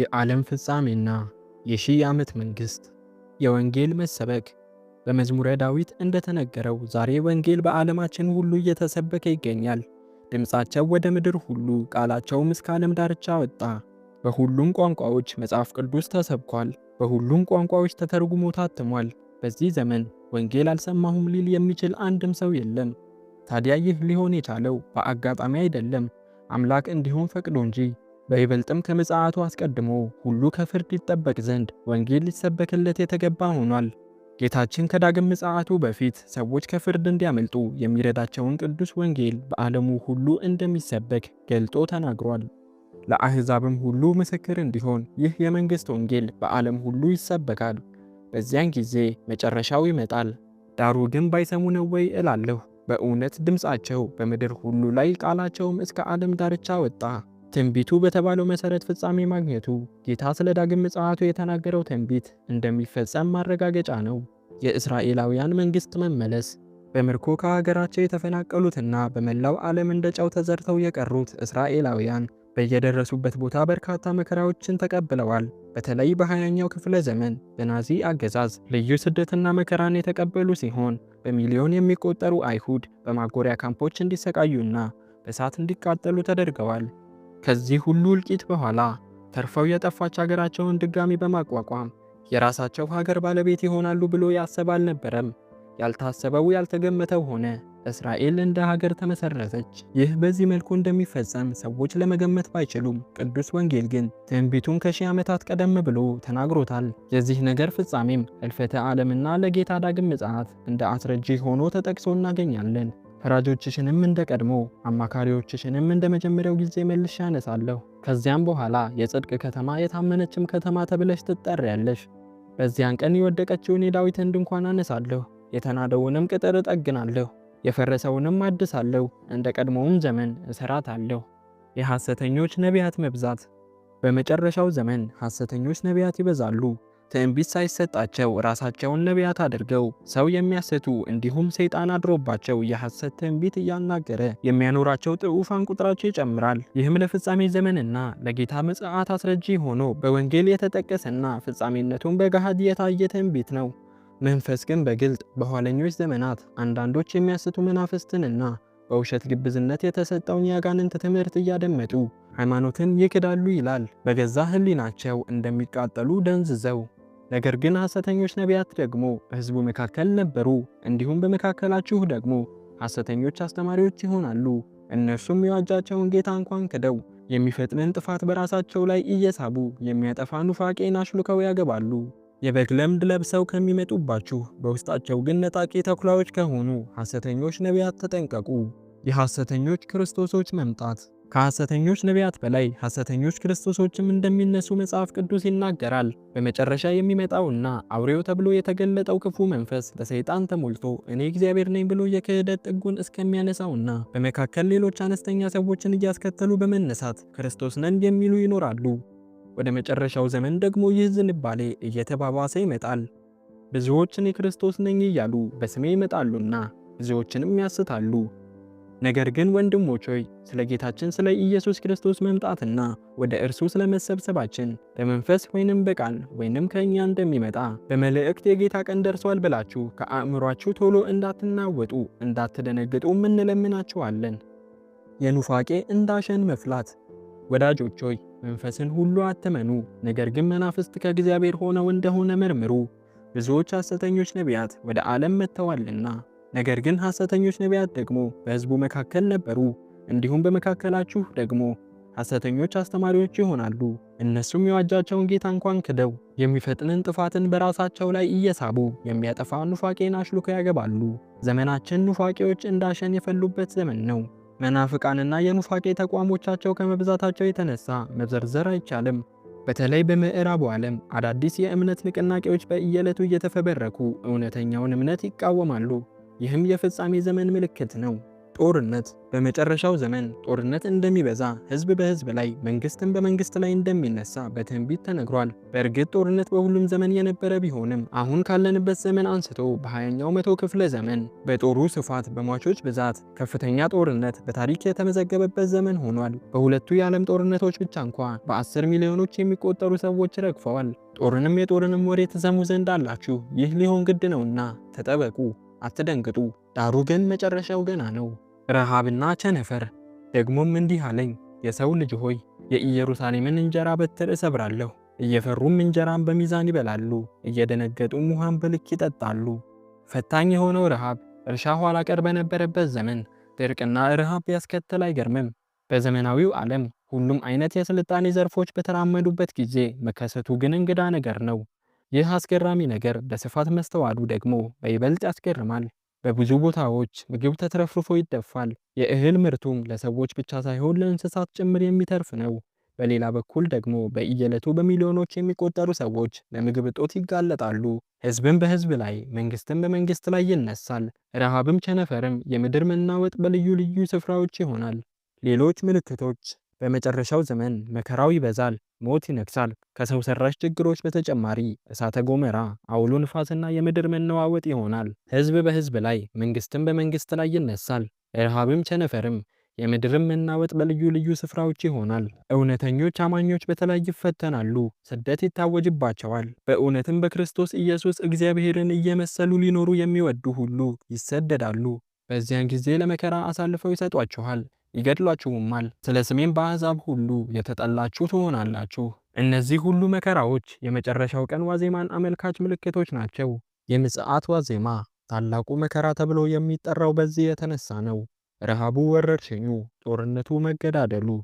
የዓለም ፍጻሜና የሺህ ዓመት መንግሥት የወንጌል መሰበክ በመዝሙረ ዳዊት እንደተነገረው ዛሬ ወንጌል በዓለማችን ሁሉ እየተሰበከ ይገኛል። ድምፃቸው ወደ ምድር ሁሉ ቃላቸውም እስከ ዓለም ዳርቻ ወጣ። በሁሉም ቋንቋዎች መጽሐፍ ቅዱስ ተሰብኳል፣ በሁሉም ቋንቋዎች ተተርጉሞ ታትሟል። በዚህ ዘመን ወንጌል አልሰማሁም ሊል የሚችል አንድም ሰው የለም። ታዲያ ይህ ሊሆን የቻለው በአጋጣሚ አይደለም፣ አምላክ እንዲሆን ፈቅዶ እንጂ በይበልጥም ከምጽአቱ አስቀድሞ ሁሉ ከፍርድ ይጠበቅ ዘንድ ወንጌል ሊሰበክለት የተገባ ሆኗል። ጌታችን ከዳግም ምጽአቱ በፊት ሰዎች ከፍርድ እንዲያመልጡ የሚረዳቸውን ቅዱስ ወንጌል በዓለሙ ሁሉ እንደሚሰበክ ገልጦ ተናግሯል። ለአሕዛብም ሁሉ ምስክር እንዲሆን ይህ የመንግሥት ወንጌል በዓለም ሁሉ ይሰበካል። በዚያን ጊዜ መጨረሻው ይመጣል። ዳሩ ግን ባይሰሙ ነው ወይ እላለሁ። በእውነት ድምፃቸው በምድር ሁሉ ላይ ቃላቸውም እስከ ዓለም ዳርቻ ወጣ። ትንቢቱ በተባለው መሰረት ፍጻሜ ማግኘቱ ጌታ ስለ ዳግም ምጽአቱ የተናገረው ትንቢት እንደሚፈጸም ማረጋገጫ ነው። የእስራኤላውያን መንግሥት መመለስ በምርኮ ከሀገራቸው የተፈናቀሉትና በመላው ዓለም እንደ ጨው ተዘርተው የቀሩት እስራኤላውያን በየደረሱበት ቦታ በርካታ መከራዎችን ተቀብለዋል። በተለይ በ20ኛው ክፍለ ዘመን በናዚ አገዛዝ ልዩ ስደትና መከራን የተቀበሉ ሲሆን በሚሊዮን የሚቆጠሩ አይሁድ በማጎሪያ ካምፖች እንዲሰቃዩና በእሳት እንዲቃጠሉ ተደርገዋል። ከዚህ ሁሉ እልቂት በኋላ ተርፈው የጠፋች ሀገራቸውን ድጋሚ በማቋቋም የራሳቸው ሀገር ባለቤት ይሆናሉ ብሎ ያሰብ አልነበረም። ያልታሰበው ያልተገመተው ሆነ። እስራኤል እንደ ሀገር ተመሰረተች። ይህ በዚህ መልኩ እንደሚፈጸም ሰዎች ለመገመት ባይችሉም ቅዱስ ወንጌል ግን ትንቢቱን ከሺህ ዓመታት ቀደም ብሎ ተናግሮታል። የዚህ ነገር ፍጻሜም እልፈተ ዓለምና ለጌታ ዳግም ምጽአት እንደ አስረጂ ሆኖ ተጠቅሶ እናገኛለን። ፈራጆችሽንም እንደ ቀድሞ አማካሪዎችሽንም እንደ መጀመሪያው ጊዜ መልሼ አነሳለሁ። ከዚያም በኋላ የጽድቅ ከተማ የታመነችም ከተማ ተብለሽ ትጠሪያለሽ። በዚያን ቀን የወደቀችውን የዳዊትን ድንኳን አነሳለሁ፣ የተናደውንም ቅጥር እጠግናለሁ፣ የፈረሰውንም አድሳለሁ፣ እንደ ቀድሞውም ዘመን እሰራታለሁ። የሐሰተኞች ነቢያት መብዛት። በመጨረሻው ዘመን ሐሰተኞች ነቢያት ይበዛሉ፣ ትንቢት ሳይሰጣቸው ራሳቸውን ነቢያት አድርገው ሰው የሚያስቱ እንዲሁም ሰይጣን አድሮባቸው የሐሰት ትንቢት እያናገረ የሚያኖራቸው ጥዑፋን ቁጥራቸው ይጨምራል። ይህም ለፍጻሜ ዘመንና ለጌታ ምጽአት አስረጂ ሆኖ በወንጌል የተጠቀሰና ፍጻሜነቱን በገሃድ የታየ ትንቢት ነው። መንፈስ ግን በግልጥ በኋለኞች ዘመናት አንዳንዶች የሚያስቱ መናፍስትንና በውሸት ግብዝነት የተሰጠውን የአጋንንት ትምህርት እያደመጡ ሃይማኖትን ይክዳሉ ይላል። በገዛ ሕሊናቸው እንደሚቃጠሉ ደንዝዘው ነገር ግን ሐሰተኞች ነቢያት ደግሞ በሕዝቡ መካከል ነበሩ፣ እንዲሁም በመካከላችሁ ደግሞ ሐሰተኞች አስተማሪዎች ይሆናሉ። እነርሱም የዋጃቸውን ጌታ እንኳን ክደው የሚፈጥንን ጥፋት በራሳቸው ላይ እየሳቡ የሚያጠፋ ኑፋቄን አሽልከው ያገባሉ። የበግ ለምድ ለብሰው ከሚመጡባችሁ በውስጣቸው ግን ነጣቂ ተኩላዎች ከሆኑ ሐሰተኞች ነቢያት ተጠንቀቁ። የሐሰተኞች ክርስቶሶች መምጣት ከሐሰተኞች ነቢያት በላይ ሐሰተኞች ክርስቶሶችም እንደሚነሱ መጽሐፍ ቅዱስ ይናገራል። በመጨረሻ የሚመጣውና አውሬው ተብሎ የተገለጠው ክፉ መንፈስ በሰይጣን ተሞልቶ እኔ እግዚአብሔር ነኝ ብሎ የክህደት ጥጉን እስከሚያነሳውና በመካከል ሌሎች አነስተኛ ሰዎችን እያስከተሉ በመነሳት ክርስቶስ ነን የሚሉ ይኖራሉ። ወደ መጨረሻው ዘመን ደግሞ ይህ ዝንባሌ እየተባባሰ ይመጣል። ብዙዎችን የክርስቶስ ነኝ እያሉ በስሜ ይመጣሉና ብዙዎችንም ያስታሉ። ነገር ግን ወንድሞች ሆይ ስለ ጌታችን ስለ ኢየሱስ ክርስቶስ መምጣትና ወደ እርሱ ስለ መሰብሰባችን በመንፈስ ወይንም በቃል ወይንም ከእኛ እንደሚመጣ በመልእክት የጌታ ቀን ደርሷል ብላችሁ ከአእምሯችሁ ቶሎ እንዳትናወጡ እንዳትደነግጡ እንለምናችኋለን። የኑፋቄ እንዳሸን መፍላት ወዳጆች ሆይ መንፈስን ሁሉ አትመኑ፣ ነገር ግን መናፍስት ከእግዚአብሔር ሆነው እንደሆነ መርምሩ፣ ብዙዎች ሐሰተኞች ነቢያት ወደ ዓለም መጥተዋልና። ነገር ግን ሐሰተኞች ነቢያት ደግሞ በሕዝቡ መካከል ነበሩ፣ እንዲሁም በመካከላችሁ ደግሞ ሐሰተኞች አስተማሪዎች ይሆናሉ። እነሱም የዋጃቸውን ጌታ እንኳን ክደው የሚፈጥንን ጥፋትን በራሳቸው ላይ እየሳቡ የሚያጠፋ ኑፋቄን አሽልኮ ያገባሉ። ዘመናችን ኑፋቄዎች እንዳሸን የፈሉበት ዘመን ነው። መናፍቃንና የኑፋቄ ተቋሞቻቸው ከመብዛታቸው የተነሳ መዘርዘር አይቻልም። በተለይ በምዕራቡ ዓለም አዳዲስ የእምነት ንቅናቄዎች በየዕለቱ እየተፈበረኩ እውነተኛውን እምነት ይቃወማሉ። ይህም የፍጻሜ ዘመን ምልክት ነው። ጦርነት በመጨረሻው ዘመን ጦርነት እንደሚበዛ፣ ህዝብ በህዝብ ላይ፣ መንግስትም በመንግስት ላይ እንደሚነሳ በትንቢት ተነግሯል። በእርግጥ ጦርነት በሁሉም ዘመን የነበረ ቢሆንም አሁን ካለንበት ዘመን አንስቶ በ20ኛው መቶ ክፍለ ዘመን በጦሩ ስፋት፣ በሟቾች ብዛት ከፍተኛ ጦርነት በታሪክ የተመዘገበበት ዘመን ሆኗል። በሁለቱ የዓለም ጦርነቶች ብቻ እንኳ በ10 ሚሊዮኖች የሚቆጠሩ ሰዎች ረግፈዋል። ጦርንም የጦርንም ወሬ ተሰሙ ዘንድ አላችሁ፣ ይህ ሊሆን ግድ ነውና ተጠበቁ። አትደንግጡ፣ ዳሩ ግን መጨረሻው ገና ነው። ረሃብና ቸነፈር። ደግሞም እንዲህ አለኝ፣ የሰው ልጅ ሆይ የኢየሩሳሌምን እንጀራ በትር እሰብራለሁ። እየፈሩም እንጀራን በሚዛን ይበላሉ፣ እየደነገጡም ውሃን በልክ ይጠጣሉ። ፈታኝ የሆነው ረሃብ እርሻ ኋላ ቀር በነበረበት ዘመን ድርቅና ረሃብ ቢያስከትል አይገርምም። በዘመናዊው ዓለም ሁሉም አይነት የስልጣኔ ዘርፎች በተራመዱበት ጊዜ መከሰቱ ግን እንግዳ ነገር ነው። ይህ አስገራሚ ነገር በስፋት መስተዋሉ ደግሞ በይበልጥ ያስገርማል። በብዙ ቦታዎች ምግብ ተትረፍርፎ ይደፋል። የእህል ምርቱም ለሰዎች ብቻ ሳይሆን ለእንስሳት ጭምር የሚተርፍ ነው። በሌላ በኩል ደግሞ በየዕለቱ በሚሊዮኖች የሚቆጠሩ ሰዎች ለምግብ እጦት ይጋለጣሉ። ህዝብም በህዝብ ላይ፣ መንግስትም በመንግስት ላይ ይነሳል። ረሃብም ቸነፈርም፣ የምድር መናወጥ በልዩ ልዩ ስፍራዎች ይሆናል። ሌሎች ምልክቶች በመጨረሻው ዘመን መከራው ይበዛል፣ ሞት ይነግሳል። ከሰው ሰራሽ ችግሮች በተጨማሪ እሳተ ጎመራ፣ አውሎ ንፋስና የምድር መነዋወጥ ይሆናል። ህዝብ በህዝብ ላይ፣ መንግስትም በመንግስት ላይ ይነሳል። ረሃብም ቸነፈርም የምድርም መናወጥ በልዩ ልዩ ስፍራዎች ይሆናል። እውነተኞች አማኞች በተለይ ይፈተናሉ፣ ስደት ይታወጅባቸዋል። በእውነትም በክርስቶስ ኢየሱስ እግዚአብሔርን እየመሰሉ ሊኖሩ የሚወዱ ሁሉ ይሰደዳሉ። በዚያን ጊዜ ለመከራ አሳልፈው ይሰጧችኋል። ይገድሏችሁማል። ስለ ስሜም በአሕዛብ ሁሉ የተጠላችሁ ትሆናላችሁ። እነዚህ ሁሉ መከራዎች የመጨረሻው ቀን ዋዜማን አመልካች ምልክቶች ናቸው። የምጽአት ዋዜማ ታላቁ መከራ ተብሎ የሚጠራው በዚህ የተነሳ ነው። ረሃቡ፣ ወረርሽኙ፣ ጦርነቱ፣ መገዳደሉ